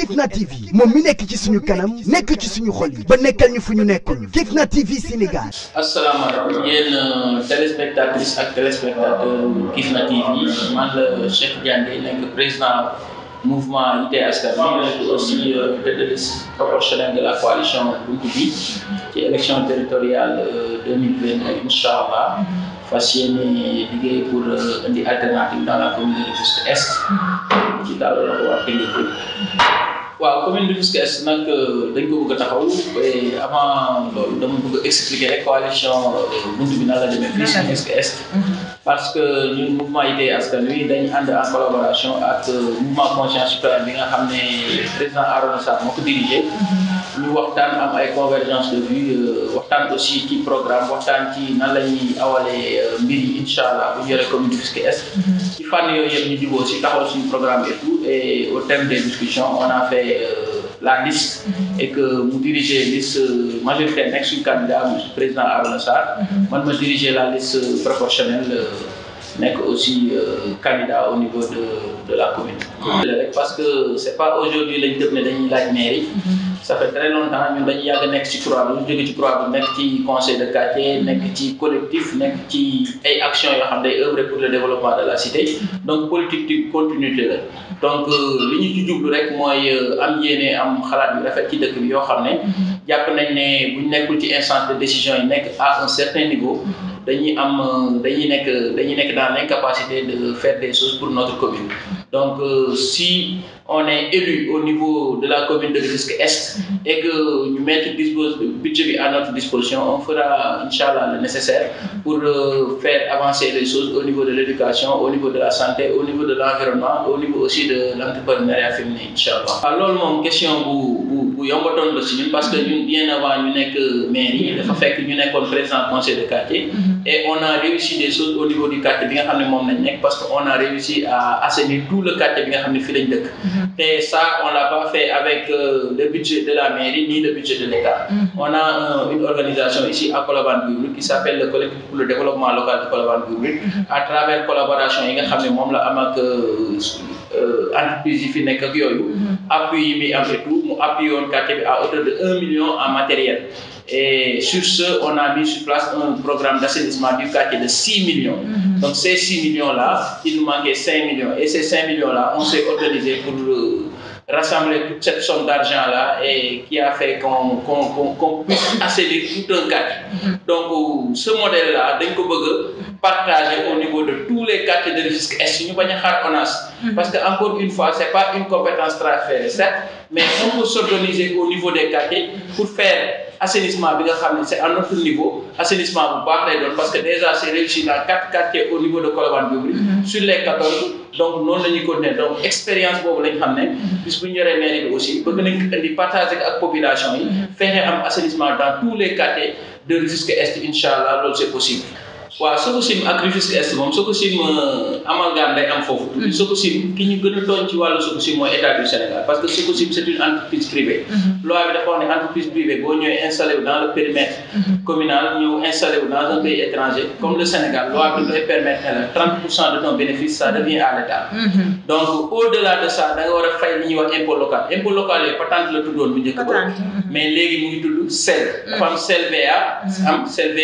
Kifne TV moom mi nekk ci suñu kanam nekk ci suñu xol yi ba nekkal ñu fu ñu nekkoon Kifne TV Sénégal. Assalamu asalaamaaleykum yéen euh, téléspectatrices ak téléspectateurs Kifne TV man le euh, Cheikh Diagne nekk président mouvement ITS Askan aussi euh, tête de de la coalition Buntu Bi ci élection territoriale 2020, incha allah. fas yéene liggéey pour indi alternative dans la commune de Rufisque Est ci daal la ko waaw commune bi Rufisque nag dañ ko bëgg a taxaw avant loolu dama bëgg expliquer rek coalition bunt bi nan la demee fii si Rufisque Est parce que ñun mouvement Yitté Askan Wi dañ ànd en collaboration ak mouvement conscience citoyenne bi nga xam ne président Arona Sarr moo ko dirigé Nous, waxtaan am ay convergence de vue euh, waxtaan aussi qui programme waxtaan ci nan la ñuy awalee euh, mbir yi bu commune Rufisque Est. Mm-hmm. ci fànn yooyu yëpp ñu jubóo si taxaw suñu programme et tout et au terme des discussions on a fait euh, la liste. Mm-hmm. et que mu diriger liste majoritaire nekk suñu candidat suis président Arouna Sarr. Mm-hmm. man ma diriger la liste proportionnelle. nekk aussi candidat au niveau de de la commune. parce que c'est pas aujourd'hui lañ de ne dañuy laaj mairie ça fait très longtemps ñun dañu yàgg nekk ci croix bi ñu jóge ci croix bi nekk ci conseil de quartier nekk ci collectif nekk ci ay actions yoo xam day œuvrer pour le développement de la cité donc politique de continuité la donc euh, li ñu ci jublu rek mooy euh, am yéene am xalaat yu rafet ci dëkk bi yoo xam ne jàpp nañ ne bu nekkul ci instance de décision yi nekk à un certain niveau dañuy am euh, dañuy nekk dañuy nekk dans l'incapacité de faire des choses pour notre commune donc, euh, si on est élu au niveau de la commune de Risque Est et que nous mettons le budget à notre disposition, on fera, Inch'Allah, le nécessaire pour euh, faire avancer les choses au niveau de l'éducation, au niveau de la santé, au niveau de l'environnement, au niveau aussi de l'entrepreneuriat féminin, Inch'Allah. Alors, ah, mon question, vous, vous, vous parce que bien avant, nous n'avons que mairie, il faut faire que nous qu'on président conseil de quartier et on a réussi des choses au niveau du quartier bien parce qu'on a réussi à assainir tout le quartier bien nga mais ça, on ne l'a pas fait avec euh, le budget de la mairie ni le budget de l'État. Mm-hmm. On a euh, une organisation ici à Colaban qui s'appelle le collectif pour le développement local de Colaban mm mm-hmm. à travers la collaboration yi nga a ne la am ak euh, mm-hmm. quartier à hauteur de 1 million en matériel. Et sur ce, on a mis sur place un programme d'assainissement du quartier de 6 millions. Donc ces 6 millions-là, il nous manquait 5 millions. Et ces 5 millions-là, on s'est organisé pour le rassembler toute cette somme d'argent-là et qui a fait qu'on puisse accéder tout un quartier. Donc, euh, ce modèle-là, d'un partager au niveau de tous les quartiers de risque est nous Parce qu'encore une fois, ce n'est pas une compétence très certes, mais on peut s'organiser au niveau des quartiers pour faire assainissement bi nga c'est à notre niveau assainissement bu baax lay parce que déjà c'est réussi dans quatre quartiers au niveau de Colobane mhm. sur les quatorze donc noonu la ñuy continuer donc expérience boobu lañ xam ne mhm. bis bu ñu aussi bëgg nañ ko indi partager ak population yi mhm. fexe am assainissement dans tous les quartiers de risque Est incha c'est possible waaw Sococim ak Rufisque Est moom Sococim euh, amalgame day am foofu. tuuti mm-hmm. Sococim ki ñu gën a tooñ ci wàllu Sococim mooy état du Sénégal parce que Sococim c' est une entreprise privée. Mm-hmm. loi dafa wax ne entreprise privée boo ñëwee installé wu dans le périmètre. Mm-hmm. communal ñëw installé wu dans un pays étranger comme le Sénégal loi bi lay permettre ne la 30 pour cent de ton bénéfice ça devient à l' état. donc au delà de ça war a fay li ñuy wax impôt local impôt local yooyu bu njëkk ba. mais léegi mu SEL. dafa am SEL VA. am SEL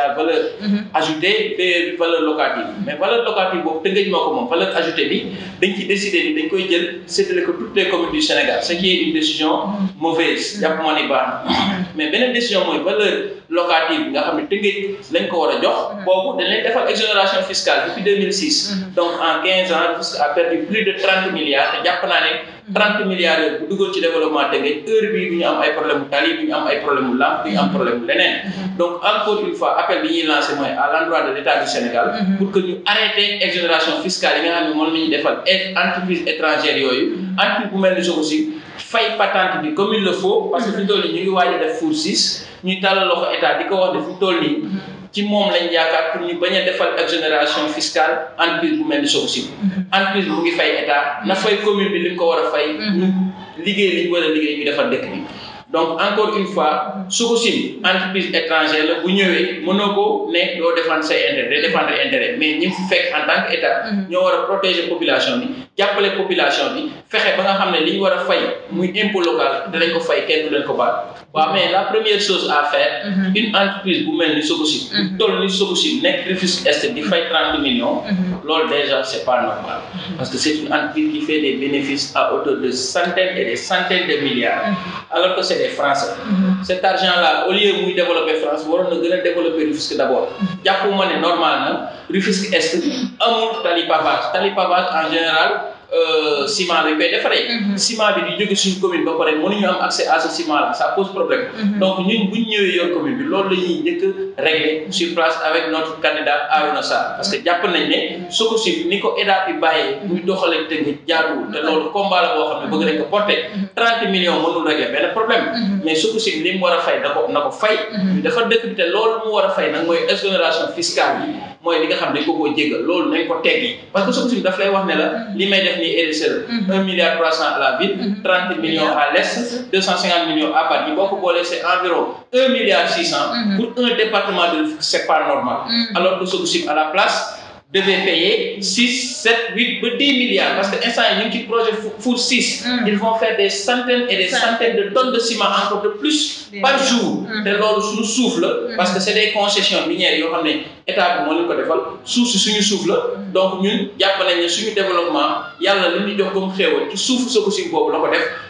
à valeur. Mhm. ajouter des valeurs locatives mais valeur locative bon, Tëngéej moo comment. moom valeur ajoutée bi dañ ci décider ni dañ koy jël séddale ko toutes les communes du Sénégal ce qui est une décision mhm. mauvaise mhm. jàpp ma ni mais beneen décision mooy valeur locative bi nga xam ne Tëngéej lañ ko war a jox boobu dañ lay defal exonération fiscale depuis 2006 donc en 15 ans a perdu plus de 30 milliards y a naa ne 30 milliards yooyu bu duggoon ci développement Tëngéej heure bii du ñu am ay problème mu tali du ñu am ay problème mu làmp du ñu am problème mu leneen. Mm-hmm. donc encore une fois appel bi ñuy lancé mooy à l' de l' du Sénégal. Mm-hmm. pour que ñu arrêté exonération fiscale yi nga xam ne moom la defal entreprise étrangère yooyu. Mm-hmm. entreprise bu mel ni Sococim aussi fay patente bi comme il le faut. parce que fi mu ñu ngi waaj def four six ñuy tàllal loxo état di ko wax ci moom lañ yaakaar pour ñu bañ a defal exonération fiscale entreprise bu mel ni Sococim mhm. entreprise bu ngi fay état na fay commune bi li mu ko war a fay mhm. liggéey li ñu war a defal dëkk bi donc encore une fois Sococim entreprise étrangère la bu ñëwee mënoo ko ne doo défendre say intérêt day défendre intérêt mais ñi mu fekk en tant que état mhm. ñoo war a protéger population bi jàppale population bi fexé ba nga xamné ne li ñu fay muy impôt local ko fay kenn du ko mais la première chose à faire mhm. une entreprise bu mel ni Sococim mhm. toll ni Est di fay trente millions mhm. loolu déjà c'est pas normal parce que c'est une entreprise qui fait des bénéfices à hauteur de centaines et des centaines de milliards alors que c'est des Français cet argent là au lieu muy développer France waroon na développer Rufisque d'abord moi, né normal na Rufisque Est amul tali pavage tali pavage en général Euh, ciment bi koy defaree. Mhm. ciment bi di jóge suñu commune ba pare mënuñu am accès à ce ciment là ça pose problème. Mhm. donc ñun bu ñu ñëwee yor commune bi loolu la ñuy njëkk a régler sur place avec notre candidat Arouna Sarr parce que jàpp nañ ne su ko si ni ko état bi bàyyee. ñu doxalee te nga jaaduwul mhm. te loolu combat la xam ne bëgg nañ ko porter. 30 millions mënul régler benn problème. mais su ko si mu war a fay na ko na ko fay. dafa dëkk bi te loolu mu war a fay nag mooy exonération fiscale bi. mooy li nga xam ne ko koo jéggal loolu nañ ko teggi parce que soo suñu daf lay wax ne la mm-hmm. li may def nii RSE la mm-hmm. un milliard trois cent à la ville mm-hmm. trente millions à l'est deux cent cinquante millions à Bargny boo ko boolee c'est environ un milliard six cent pour un département de c'est pas normal alors que soo à la place devait payer 6, 7, 8, 10 milliards. Parce que instant, il y projet 6. Mm. Ils vont faire des centaines et des centaines de tonnes de ciment encore de plus par jour. Mm. De l'eau nous souffle, mm. parce que c'est des concessions minières. Ils ont état bi ko defal suuf suñu la mm. donc nous, il nañ a suñu développement yàlla li ñu jox comme xéewal ci suufu soko si boobu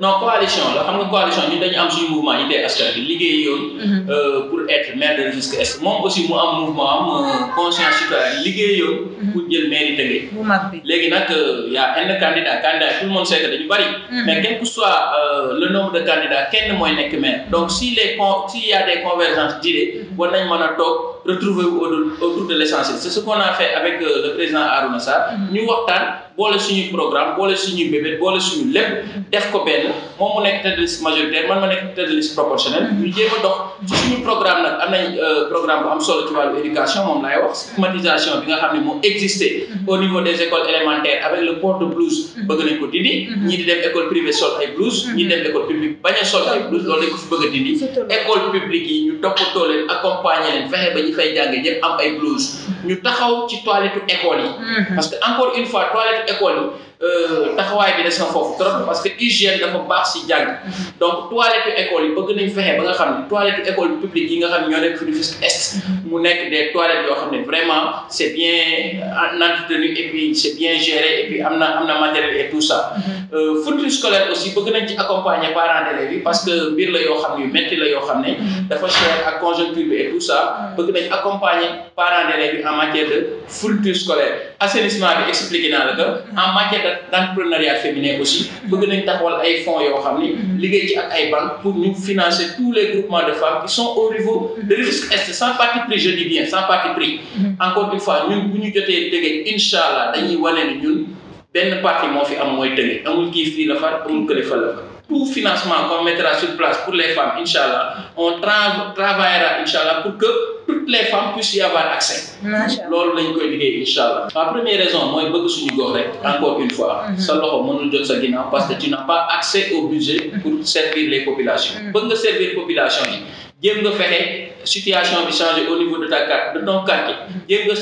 non coalition la xam nga coalition ñun dañu am suñu mouvement qui Askan bi liggéey yoon mhm. euh, pour être maire de risque Est moom aussi mu am mouvement am euh, conscience citoyenne liggéey yoon mhm. pour jël mairie Tëngéej léegi Il euh, y a un candidat candidat tout le monde sait que c'est dañu bari mhm. mais quel que soit le nombre de candidats kenn mooy nekk maire donc si les s'il y a des convergences d'idées war nañ mën a toog retrouver autour de l'essentiel c'est ce qu'on a fait avec le président Harouna Sarr ñu waxtaan boole suñu programme boole suñu bébé boole suñu lépp def ko benn moom mu nekk tête liste majoritaire man ma nekk tête de liste proportionnelle mhm. ñu jéem a dox ci suñu programme nag am nañ euh, programme bu am solo ci wàllu éducation moom laay wax stigmatisation bi nga xam ne moo existé mhm. au niveau des écoles élémentaires avec le port de blouse mhm. bëgg nañ ko dindi ñi di dem école privée sol ay blouse ñi dem école publique bañ a sol ay blouse loolu dañ ko fi bëgg a dindi école publique yi ñu toppatoo leen accompagner leen fexe ba ñu fay jànge ñëpp am ay blouse ñu taxaw ci toilette école yi parce que encore une fois toilette é ecole Euh, taxawaay bi des na foofu trop parce que hygiène dafa baax si jàng mhm. donc toilettu école yi bëgg nañ fexe ba nga xam ne toilettu école publique yi nga xam ne ñoo nekk fi Est mhm. mu nekk des toilettes yoo xam ne vraiment c' est bien euh, entretenu et puis c' est bien géré et puis am na am na matériel et tout ça mhm. euh, fourniture scolaire aussi bëgg nañ ci accompagner parents d'élèves yi parce que mbir la yoo xam ne métti la yoo xam ne dafa cher ak conjoncture bi et tout ça bëgg nañ accompagner parents d'élèves yi en matière de fourniture scolaire assainissement bi expliqué naa la que en matière d'entrepreneuriat féminin aussi Nous nañ taxawal ay fonds yo xamni ni mhm. ci ak ay banques pour ñu financer tous les groupements de femmes qui sont au niveau de mhm. risque Est sans parti pris je dis bien sans parti pris mhm. encore une fois nous buñu jotté dégué inshallah dañuy wane ni ñun benn parti moo fi am moy dëgg amul ki fi la fa amul kële fa la tout financement qu'on mettra sur place pour les femmes inshallah, on travaillera inshallah pour que toutes les femmes puissent y avoir accès. Lors lañ koy liggéey incha Inch'Allah. la première raison moi, je suñu gox rek. Mm-hmm. encore une fois. Mm-hmm. sa loxo mënul sa parce que mm-hmm. tu n'as pas accès au budget pour servir les populations. Pour nga servir population yi Si nga la situation change changer au niveau de ta carte de ton quartier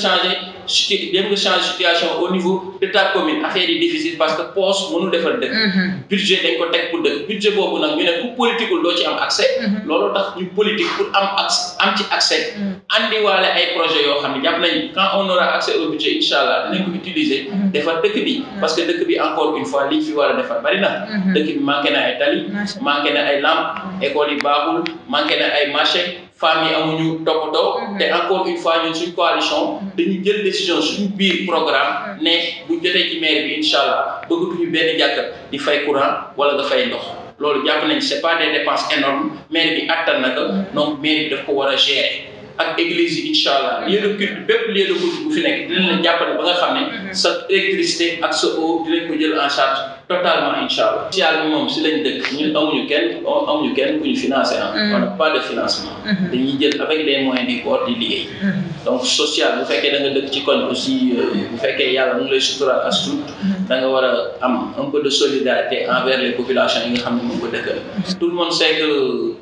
changer dem nga change situation au niveau de ta commune affaire yi difficile parce que poste mon defal dëkk mhm. budget dañ ko pour le budget boobu nag ñu ne ku politiqueul doo ci am accès mhm. loolu tax ñu politique pour am accès am ci accès mhm. wala ay projet yo xamni japp jàpp nañ quand on aura accès au budget Inshallah allah ko utiliser defal dëkk bi parce que dëkk bi encore une fois li fi war defal bari na dëkk bi manqué na ay tali manqué na ay lampe école yi baaxul manqué na ay marché femmes yi amuñu toppatoo. Mhm. te encore une fois ñun suñ coalition. Mhm. dañu jël décision suñu biir programme. Mhm. ne bu jotee ci maire bi incha allah bëggatuñu benn jàkka di fay courant wala nga fay ndox. loolu jàpp nañ c'est pas des dépenses énormes maire bi attan na ko donc maire bi daf ko war a gérer. ak église yi incha allah lieu de culte bépp lieu de fi nekk dinañ la jàppale ba nga xam ne mm-hmm. sa électricité ak sa eau dinañ ko jël en charge totalement incha allah. social moom si lañ dëkk ñu amuñu kenn amuñu kenn ku ñu financé ah. Mm-hmm. pas de financement. Mm-hmm. dañuy jël avec les moyens di corps di liggéey. donc social bu fekkee da nga dëkk ci koñ aussi euh, bu fekkee yàlla mu ngi lay suturaal da nga war a am un peu de solidarité envers les populations yi nga xam ne moom ko dëkkal tout le monde sait que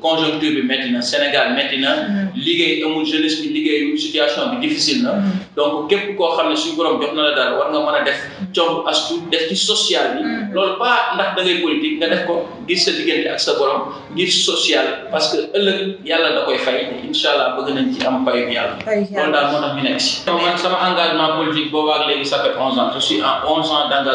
conjoncture bi métti na Sénégal métti na mm-hmm. liggéey amul jeunesse bi liggéey situation bi difficile na mm-hmm. donc képp koo xam ne suñu borom jox na la dara war nga mën a def coow astu def ci social bi mm-hmm. loolu pas ndax da ngay politique nga def ko ngir sa diggante ak sa borom ngir social parce que ëllëg yàlla da koy fay incha allah bëgg nañ ci am payu yàlla loolu daal moo tax ñu nekk si man sama engagement politique boobaak léegi ça fait 11 ans je suis en 11 ans d'engagement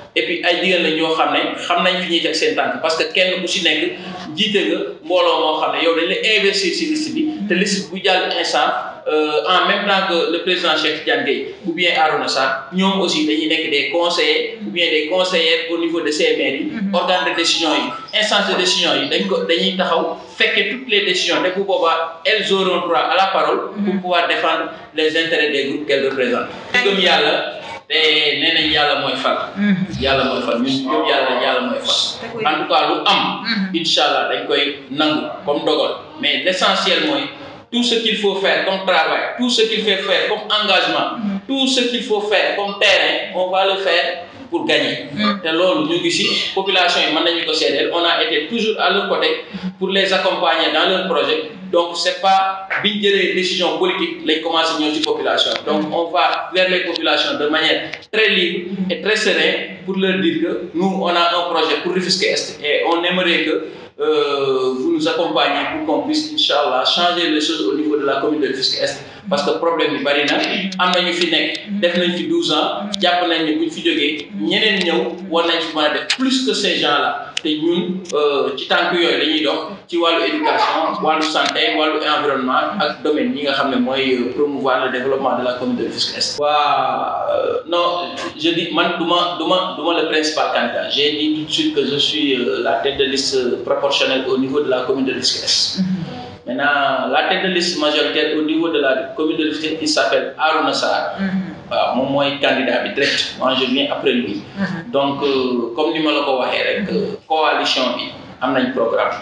et puis ay jigéen lañ ñoo xam ne xam nañ fi ñuy teg seen tànk parce que kenn ku si nekk jiite nga mbooloo moo xam ne yow dañ la investir si liste bi te liste bu instant euh, en même temps que le président Cheikh Tidiane Gueye ou bien Arouna Sarr ñoom aussi dañuy nekk des conseillers ou bien des conseillères au niveau de ces maires yi mhm. organe de décision yi instance de décision yi dañ ko dañuy taxaw toutes les décisions te bu boobaa elles auront droit à la parole mhm. pour pouvoir défendre les intérêts des groupes qu'elles représentent yàlla Mhm. en tout cas lu am. Mhm. comme mais l'essentiel, tout ce qu'il faut faire comme travail tout ce qu'il faut faire comme engagement. Mhm. tout ce qu'il faut faire comme terrain on va le faire. pour gagner. C'est ici, ñu population et le monde on a été toujours à leur côté pour les accompagner dans leur projet donc ce n'est pas bien les décisions politiques politique les du population donc on va vers les populations de manière très libre et très sereine pour leur dire que nous on a un projet pour Fisc Est et on aimerait que euh, vous nous accompagniez pour qu'on puisse Inch'Allah, changer les choses au niveau de la commune de fisc Est parce que problème yi barina na am nañu fi nek def nañ fi 12 ans japp nañ ni buñ fi joggé ñeneen ñew war nañ ci mën def plus que ces gens là te ñun euh, ci tank yooyu la ñuy dox ci walu éducation walu santé walu environnement ak domaine yi nga xamné moy euh, promouvoir le développement de la commune de Rufisque Est. wa euh, non je dis man duma duma duma le principal candidat j'ai dit tout de suite que je suis la tête de liste proportionnelle au niveau de la commune de Rufisque Est. Mm-hmm. Maintenant, la tête de liste majoritaire au niveau de la communauté de s'appelle Aruna mhm. mon candidat direct moi je viens après lui. Mhm. donc euh, comme nous ma la mhm. coalition a un programme.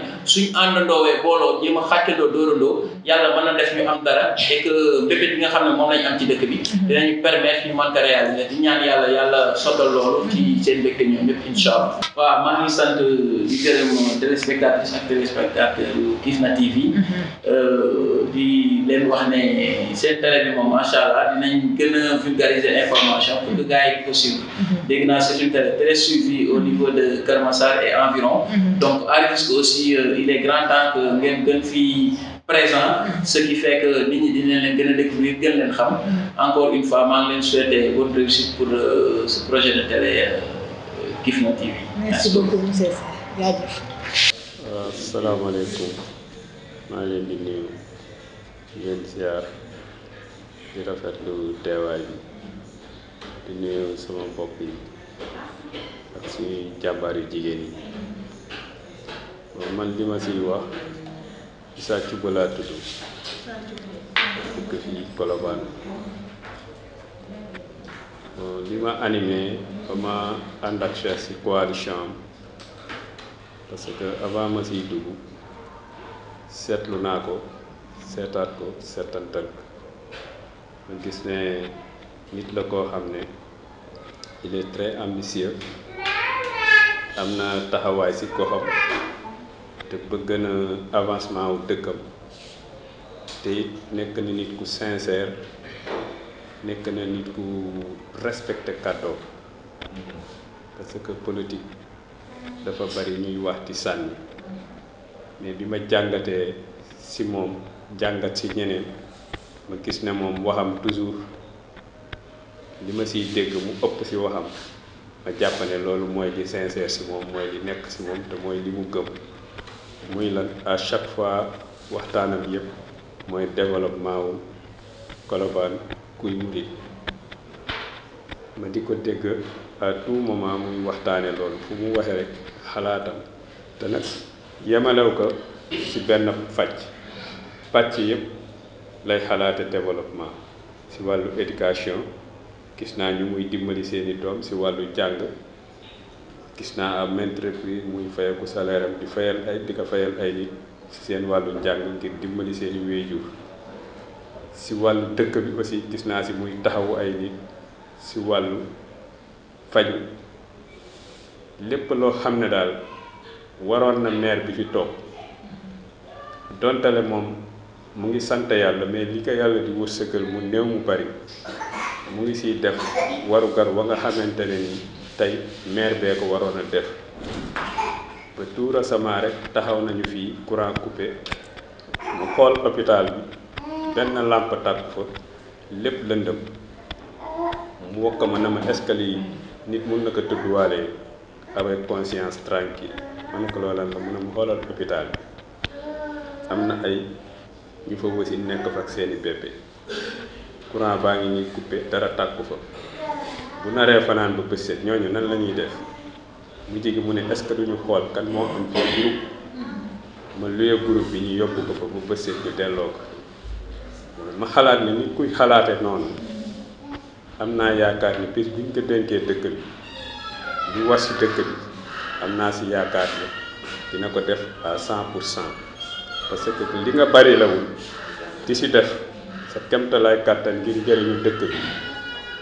suñ àndandoowee booloo jéem a xàccandoo dóorandoo yàlla mën na def ñu am dara et que mbébét bi nga xam ne moom lañ am ci dëkk bi mhm. dinañu permettre ñu mën ko réaliser di ñaan yàlla yàlla sottal loolu ci mhm. seen mbégte ñoom ñëpp incha allah waaw maa ngi sant euh, di gërëm euh, téléspectatrices ak téléspectateurs Kifne TV mhm. euh, di leen wax ne seen télé bi moom macha allah dinañ gën a vulgariser information pour que gars yi ko suivre dégg naa c'est une télé très suivie au niveau de Kër et environ donc à aussi il est grand temps que ngeen gën fi présent ce qui fait que nit ñi dinañ leen gën a découvrir gën leen xam encore une fois maa ngi leen souhaiter bonne réussite pour euh, ce projet de télé euh, Kifne TV. merci beaucoup monsieur Sarr jaajëf. waaw euh, salaamaaleykum maa leen di nuyu leen ziar di rafetlu teewaay bi di nuyu sama bopp yi ak suñuy jàmbaar yu jigéen yi. man li ma siy wax sàcc ba laa tudd dëkk fii euh, li ma animé ba ma ànd ak Cheikh si coalition am parce que avant ma siy dugg seetlu naa ko seetaat ko seetantal ma gis ne nit la ko xam ne il est très ambitieux am na taxawaay si goxam te bëgg na avancement wu dëkkam te nekk na nit ku sincère nekk na nit ku respecté kàddoo parce que politique dafa bari ñuy wax ci sànni mais bi ma jàngatee si moom jàngat si ñeneen ma gis ne moom waxam toujours li ma siy dégg mu ëpp si waxam ma jàpp ne loolu mooy li sincère si moom mooy li nekk si moom te mooy li mu gëm. muy lan à chaque fois waxtaanam yëpp mooy développement wu Colobane kuy murit ma di ko dégg à tout moment muy waxtaane loolu fu mu waxee rek xalaatam te nag yemalew ko ci benn fàcc pàcc yëpp lay xalaate développement ci wàllu éducation gis naa ñu muy dimbali seeni doom ci wàllu jàng gis naa am maintes reprises muy fayeku salaire am di fayal ay di ko fayal ay nit si seen wàllu njàng ngir dimbali seen i waajur si wàllu dëkk bi aussi gis naa si muy taxawu ay nit si wàllu faju lépp loo xam ne daal waroon na maire bi fi toog dontale moom mu ngi sant yàlla mais li ko yàlla di wërsëgal mu néew mu bari mu ngi siy def warugar wa nga xamante ne ni tey maire bee ko waroon a def ba tout récemment rek taxaw nañu fii courant coupé mu xool hôpital bi benn làmp tàkk fa lépp lëndëm mu wokk ma na ma escalier yi nit mun na ko tëdduwaale avec conscience tranquille ma ne ko loolan la mu ne mu xoolal hôpital bi am na ay ñu fa wasi nekk fa seeni bébé courant baa ngi ñuy coupé dara tàkku fa bu naree fanaan ba bës ñooñu nan la ñuy def mu jigi mu ne est-ce duñu xool kan moo am ci groupe ma luye groupe bi ñu yóbbu ko fa bu bës ñu delloo ko ma xalaat ne nit kuy xalaate noonu am naa yaakaar ni bis biñ ko dénkee dëkk bi di was ci dëkk bi am naa si yaakaar ne dina ko def à cent parce que li nga bari lawul di si def sa kemtalaay kàttan ngir njëriñu dëkk bi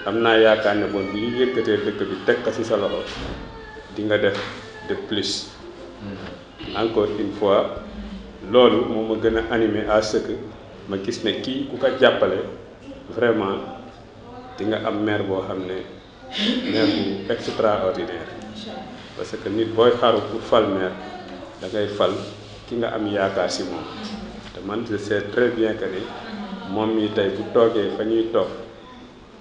am naa yaakaar ne bon bi ñu yëkkatee dëkk bi teg ko si sa loxo di nga def de plus hmm. encore une fois loolu moo ma gën a animé à ce que ma gis ne kii ku ko jàppale vraiment di nga am maire boo xam ne maire bu extraordinaire parce que nit booy xaru pour fal maire da ngay fal ki nga am yaakaar si moom te man je sais très bien que ne moom mii tey bu toogee fa ñuy toog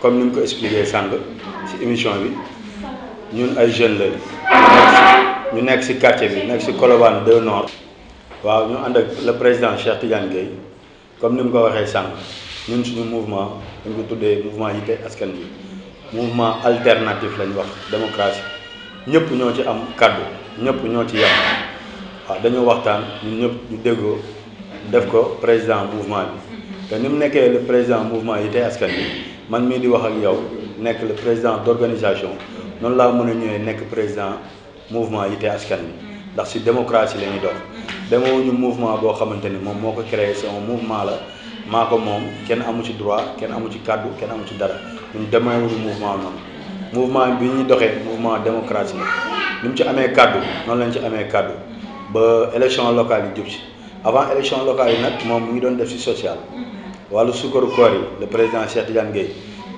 comme nous ko expliqué émission nous, ñun jeunes nous ñu nekk quartier bi nekk Nord. waaw le président Cheikh Tidiane comme nous ko nous mouvement dañ ko mouvement Askan mouvement alternatif lañ wax démocratie ñëpp ñoo ci am dans ñëpp ñoo ci waaw dañoo waxtaan ñun ñëpp ñu def président mouvement bi te le président mouvement Askan man mii di wax ak yow nekk le président d' organisation noonu laa mën a ñëwee nekk président mouvement Yitté Askan Wi ndax si démocratie la ñuy dox ñu mouvement boo xamante ni moom moo ko créé sama mouvement la maa ko moom kenn amu ci droit kenn amu ci kàddu kenn amu ci dara ñun demewuñu mouvement noonu mouvement bi ñuy doxee mouvement démocratie la ni mu ci amee kàddu noonu lañ ci amee kàddu ba élection locale yi jub si avant élection locale yi nag moom mu ngi doon def si social wàllu sukkaru koor yi le président Cheikh Tidiane Gueye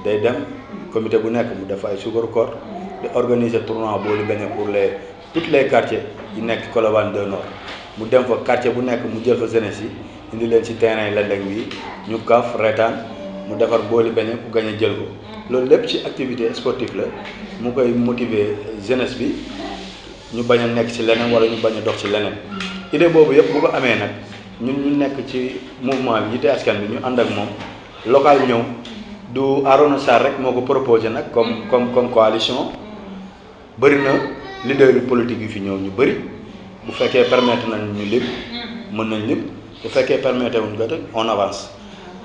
day dem comité bu nekk mu def ay sukkaru koor di organiser tournoi boolu beñe pour les toutes les quartiers yi nekk Colobane de Nord mu dem fa quartier bu nekk mu jël fa jeunesse yi indi leen ci terrain yi lendeg bi ñu kaaf reetaan mu defar booli beñe ku gañ jël ko loolu lépp ci activité sportive la mu koy motiver jeunesse bi ñu bañ a nekk ci leneen wala ñu bañ a dox ci leneen idée boobu yëpp bu ko amee nag ñun ñu nekk ci mouvement bi ñu jiite askan bi ñu ànd ak moom local ñëw du Arona sar rek moo ko proposé nag comme mm-hmm. comme comme coalition bëri na leader yu politique yu fi ñëw ñu bëri bu fekkee permettre nañ ñu lépp mm-hmm. mën nañ lépp bu fekkee permettre wuñ ko te on avance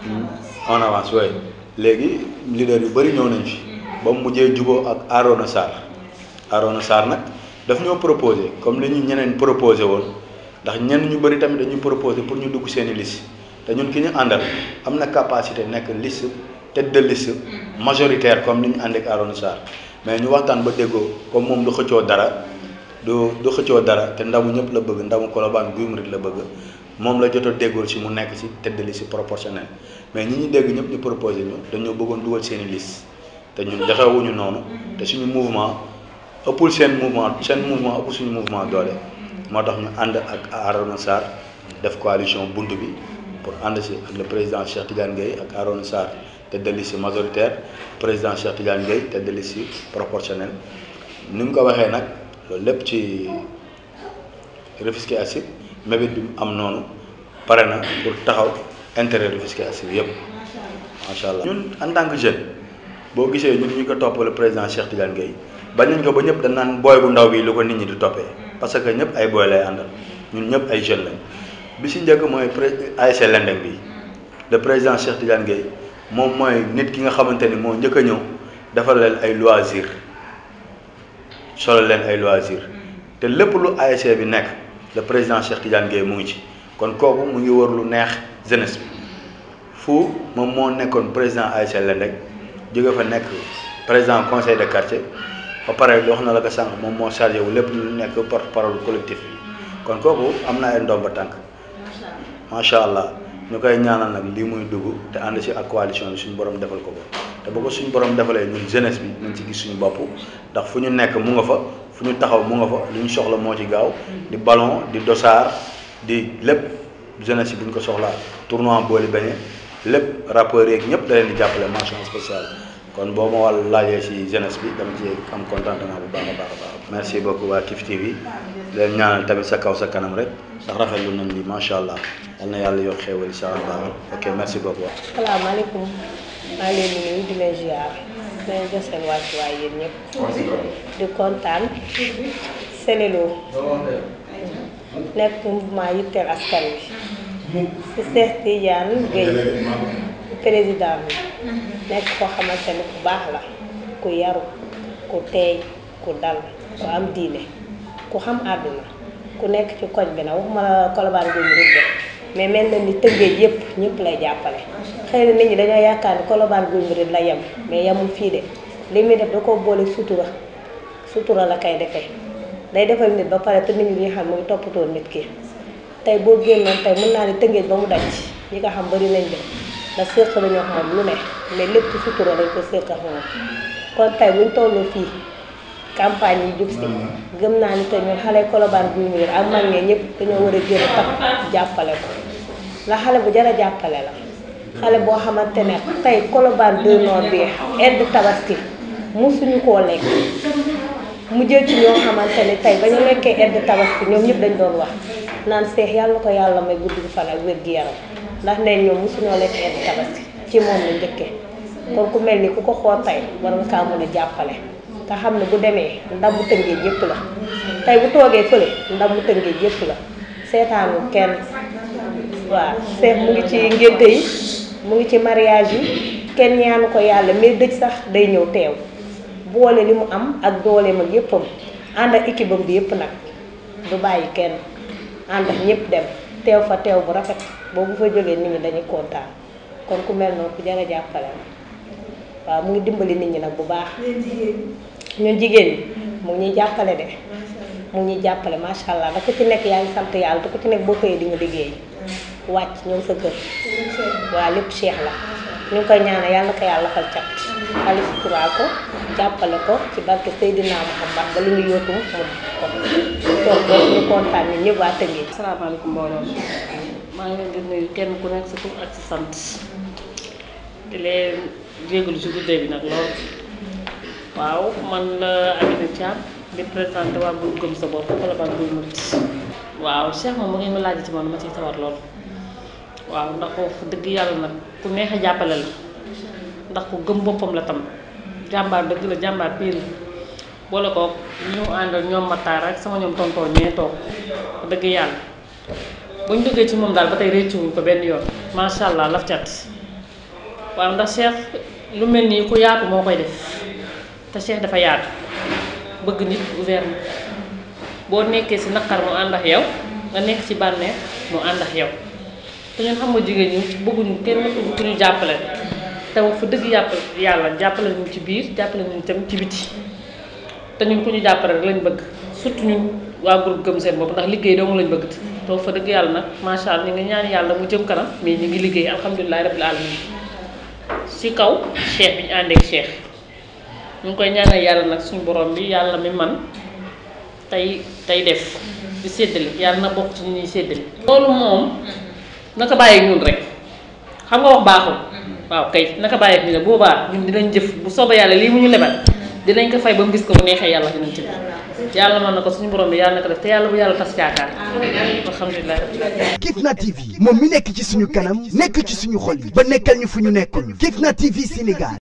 mm-hmm. on avance waaye léegi leader yu bëri ñëw nañ fi ba mu mujjee juboo ak Arona sar Arona sar nag daf ñoo proposé comme li ñu ñeneen proposé woon ndax ñen ñu bari tamit dañuy proposer pour ñu dugg seen liste te ñun ki ñu àndal am na capacité nekk liste tête de liste mm. majoritaire comme ni ñu ànd ak Arona Sarr mais ñu waxtaan ba déggoo comme moom du xëccoo dara du du xëccoo dara te ndamu ñëpp la bëgg ndamu Colobane Guy Marius la bëgg moom la jot a déggool si mu nekk si tête de liste proportionnel mais ñi ñu dégg ñëpp ñu proposé ñu dañoo bëggoon dugal seen liste te ñun joxewuñu noonu mm. te suñu mouvement ëppul seen mouvement seen mouvement ëpp suñu mouvement doole. moo tax ñu ànd ak Arona Sarr def coalition bunt bi pour ànd si ak le président Cheikh Tidiane ak Arona Sarr tête de liste majoritaire président Cheikh Tidiane Gueye tête de liste proportionnel ni mu ko waxee nag loolu lépp ci Rufisque Asib mébét bi mu am noonu pare na pour taxaw intérêt Rufisque Asib yëpp macha ñun en tant que boo gisee ñun ñu ko toppale président Cheikh Tidiane Gueye bañ ko ba ñëpp dañ naan booy bu ndaw bi lu ko nit ñi di toppee. parce que ñëpp ay booy lay àndal ñun ñëpp ay jeunes lañ bi si njëkk mooy pré ASC Lendeng bi le président Cheikh Tidiane Gueye moom mooy nit ki nga xamante ni moo njëkk a ñëw defal leen ay loisir solo leen ay loisir te lépp lu ASC bi nekk le président Cheikh Tidiane Gueye mu ngi ci kon kooku mu ngi wër lu neex jeunesse fu moom moo nekkoon président ASC Lendeng jóge fa nekk président conseil de quartier ba pare wax na la ko sànq moom moo chargé wu lépp lu nekk porte parole collectif kon kooku am na ay ndomba tànk macha allah ñu koy ñaanal nag lii muy dugg te ànd si ak coalition bi suñu borom defal ko ko te bu suñu borom defalee ñun jeunesse bi nañ ci gis suñu bopp ndax fu ñu nekk mu nga fa fu ñu taxaw mu nga fa lu ñu soxla moo ci gaaw di ballon di dossard di lépp jeunesse yi bu ko soxla soxlaa tournoi booli beñe lépp rappeurs yeeg ñëpp da leen di jàppale mention kon boo ma wàll laajee si jeunesse bi dama ci am contentement bu baax a baax a baax. merci beaucoup waa Kif TV di leen ñaanal tamit sa kaw sa kanam rek ndax rafetlu nañ li macha allah yal na yàlla yokk xéewal incha allah ok merci beaucoup. salaamaaleykum maa ngi leen di nuyu di leen ziar di leen jox seen wàccuwaay yéen ñëpp di kontaan Sélé Lo nekk mouvement yitteel askan wi si Cheikh Tidiane Guèye président bi. nekk koo xamante ne ku baax la ku yaru ku teey ku dal ku am diine ku xam àdduna ku nekk ci koñ bi nag ma la Colobane bi mu mais mel na ni tëngéej yëpp ñëpp lay jàppale xëy na nit ñi dañoo yaakaar ni Colobane Guy Mbind la yem mais yemul fii de li muy def da koo boole sutura sutura la kay defee day defal nit ba pare te nit ñi nga xam mooy toppatoo nit ki tey boo génnoon tey mën naa ne tëngéej ba mu daj ñi nga xam bari nañ de ndax seq nañoo xam lu ne mais lépp ci sutura lañ ko seq ak moom kon tey buñ toll fii campagne yi jub si mm-hmm. gëm naa ni te ñun xale Colobane bu ñu ak mag ñi ñëpp dañoo war a gën a takk jàppale ko la xale bu jar a jàppale la xale boo xamante ne tey Colobane du Nord bi aide tabaski musuñu koo lekk mu jël ci ñoo xamante ne tey ba ñu lekkee aide tabaski ñoom ñëpp dañ doon wax naan seex yàlla ko yàlla may gudd fan ak wér gi yaram ndax nee ñoom mosuñoo lekk ren tabaski ci moom la njëkkee kon ku mel ni ku ko xool tey war nga kaa mën a jàppale te xam ne bu demee ndam bu tëngee yëpp la tey bu toogee fële ndam bu tëngee yëpp la seetaanu kenn waaw seet mu ngi ci ngénte yi mu ngi ci mariage yi kenn ñaanu ko yàlla mais dëj sax day ñëw teew boole li mu am ak dooleem ak yëppam ànd ak équipe bi yëpp nag du bàyyi kenn ànd ak ñëpp dem teew fa teew bu rafet boobu bu fa jógee nit ñi dañuy kontaan kon ku mel noonu ku jar jàppale la waaw mu ngi dimbali nit ñi nag bu baax. ñu jigéen ñi mm. mu ñuy jàppale de. mu ñuy jàppale macha allah da ci nekk yaa sant yàlla da ci nekk boo xëyee di nga liggéey mm. wàcc ñoom sa kër. waaw lépp cheikh la ñu ngi koy ñaanal yàlla ko yàlla fal cat. xalisturaal ko jàppale ko ci barke Seydina Muhammad ba lu ñu yóotu mu ko toog ko ñu kontaan ni ñëpp waa Tëngéej asalaamaaleykum mbooloo maa ngi leen kenn ku nekk sa tur ak sa sant di leen jégalu ci guddee bi nag lool waaw man la Amina Thiam di présenté waa groupe Gëm sa bopp wala ban buy murit waaw Cheikh moom mu ngeen ma laaj ci man ma ciy sawar lool waaw ndax foofu dëgg yàlla nag ku neex a jàppale la ndax ku gëm boppam la tam jàmbar dëgg la jàmbaar piir la boole ko ñu àndal ñoom Matar ak sama ñoom tontoo ñee toog dëgg yàlla bu ñu duggee ci moom daal ba tey réccuwuñ ko benn yoon macha allah laf cat waaw ndax Cheikh lu mel nii ku yaatu moo koy def te Cheikh dafa yaatu bëgg nit gouverne boo nekkee si naqar mu ànd ak yow nga nekk ci bànneex mu ànd ak yow te ñun xam nga jigéen ñi bëgguñu kenn ku ñu jàppale. te wax fa dëgg yàpp yàlla jàppale ñu ci biir jàppale ñu itam ci biti te ñun ku ñu jàppale rek lañ bëgg surtout ñun waa groupe gëm seen bopp ndax liggéey dong lañ bëgg te fa dëgg yàlla nag macha allah ñu ngi ñaan yàlla mu jëm kanam mais ñu ngi liggéey alhamdulilah rabil alamin si kaw cheikh bi ñu àndeeg cheikh ñu ngi koy ñaanal yàlla nag suñu borom bi yàlla mi man tey tey def di séddale yàlla na bokk ci ñuy séddale loolu moom naka bàyyi ñun rek xam nga wax baaxul waaw kay naka bàyyi ak ñu ne boobaa ñun dinañ jëf bu soobee yàlla lii mu ñu lebal dinañ ko fay ba mu gis ko bu neexee yàlla dinañ ci yàlla mën na ko suñu borom bi yàlla na ko def te yàlla bu yàlla tas yaakaar alhamdulilah Kifna TV moom mi nekk ci suñu kanam nekk ci suñu xol yi ba nekkal ñu fu ñu nekkul Kifna TV Sénégal